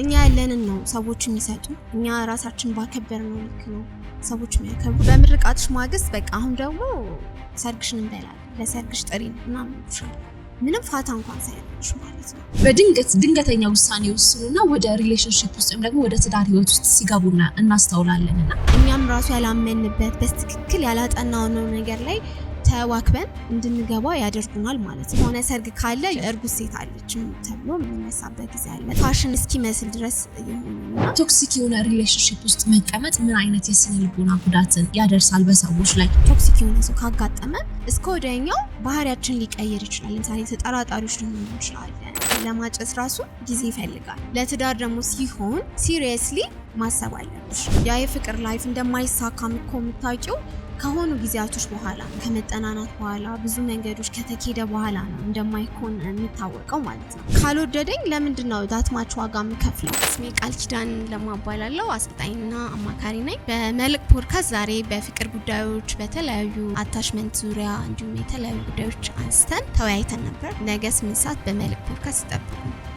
እኛ ያለንን ነው ሰዎች የሚሰጡ። እኛ ራሳችን ባከበር ነው ልክ ነው ሰዎች የሚያከብሩ። በምርቃትሽ ማግስት በቃ አሁን ደግሞ ሰርግሽን እንበላለን ለሰርግሽ ጥሪ ምናምን ምንም ፋታ እንኳን ሳይኖርሽ ማለት ነው። በድንገት ድንገተኛ ውሳኔ ወስኑና ወደ ሪሌሽንሽፕ ውስጥ ወይም ደግሞ ወደ ትዳር ህይወት ውስጥ ሲገቡና እናስተውላለን እና እኛም ራሱ ያላመንበት በትክክል ያላጠናነው ነገር ላይ ተዋክበን እንድንገባ ያደርጉናል ማለት ነው። የሆነ ሰርግ ካለ እርጉዝ ሴት አለች ተብሎ የሚነሳበት ጊዜ አለ። ፋሽን እስኪመስል ድረስ ቶክሲክ የሆነ ሪሌሽንሽፕ ውስጥ መቀመጥ ምን አይነት የስነ ልቦና ጉዳትን ያደርሳል በሰዎች ላይ? ቶክሲክ የሆነ ሰው ካጋጠመ እስከ ወደኛው ባህሪያችን ሊቀየር ይችላል። ለምሳሌ ተጠራጣሪዎች ሊሆኑ እንችላለን። ለማጨስ ራሱ ጊዜ ይፈልጋል። ለትዳር ደግሞ ሲሆን ሲሪየስሊ ማሰብ አለብሽ። ያ የፍቅር ላይፍ እንደማይሳካም እኮ የምታውቂው ከሆኑ ጊዜያቶች በኋላ ከመጠናናት በኋላ ብዙ መንገዶች ከተኬደ በኋላ ነው እንደማይኮን የሚታወቀው ማለት ነው። ካልወደደኝ ለምንድን ነው ዳትማች ዋጋ የምከፍለው? ስሜ ቃል ኪዳን ለማባላለው አሰልጣኝና አማካሪ ነኝ። በመልቅ ፖድካስት ዛሬ በፍቅር ጉዳዮች፣ በተለያዩ አታችመንት ዙሪያ እንዲሁም የተለያዩ ጉዳዮች አንስተን ተወያይተን ነበር። ነገ ስምንት ሰዓት በመልሕቅ ፖድካስት ይጠብቁ።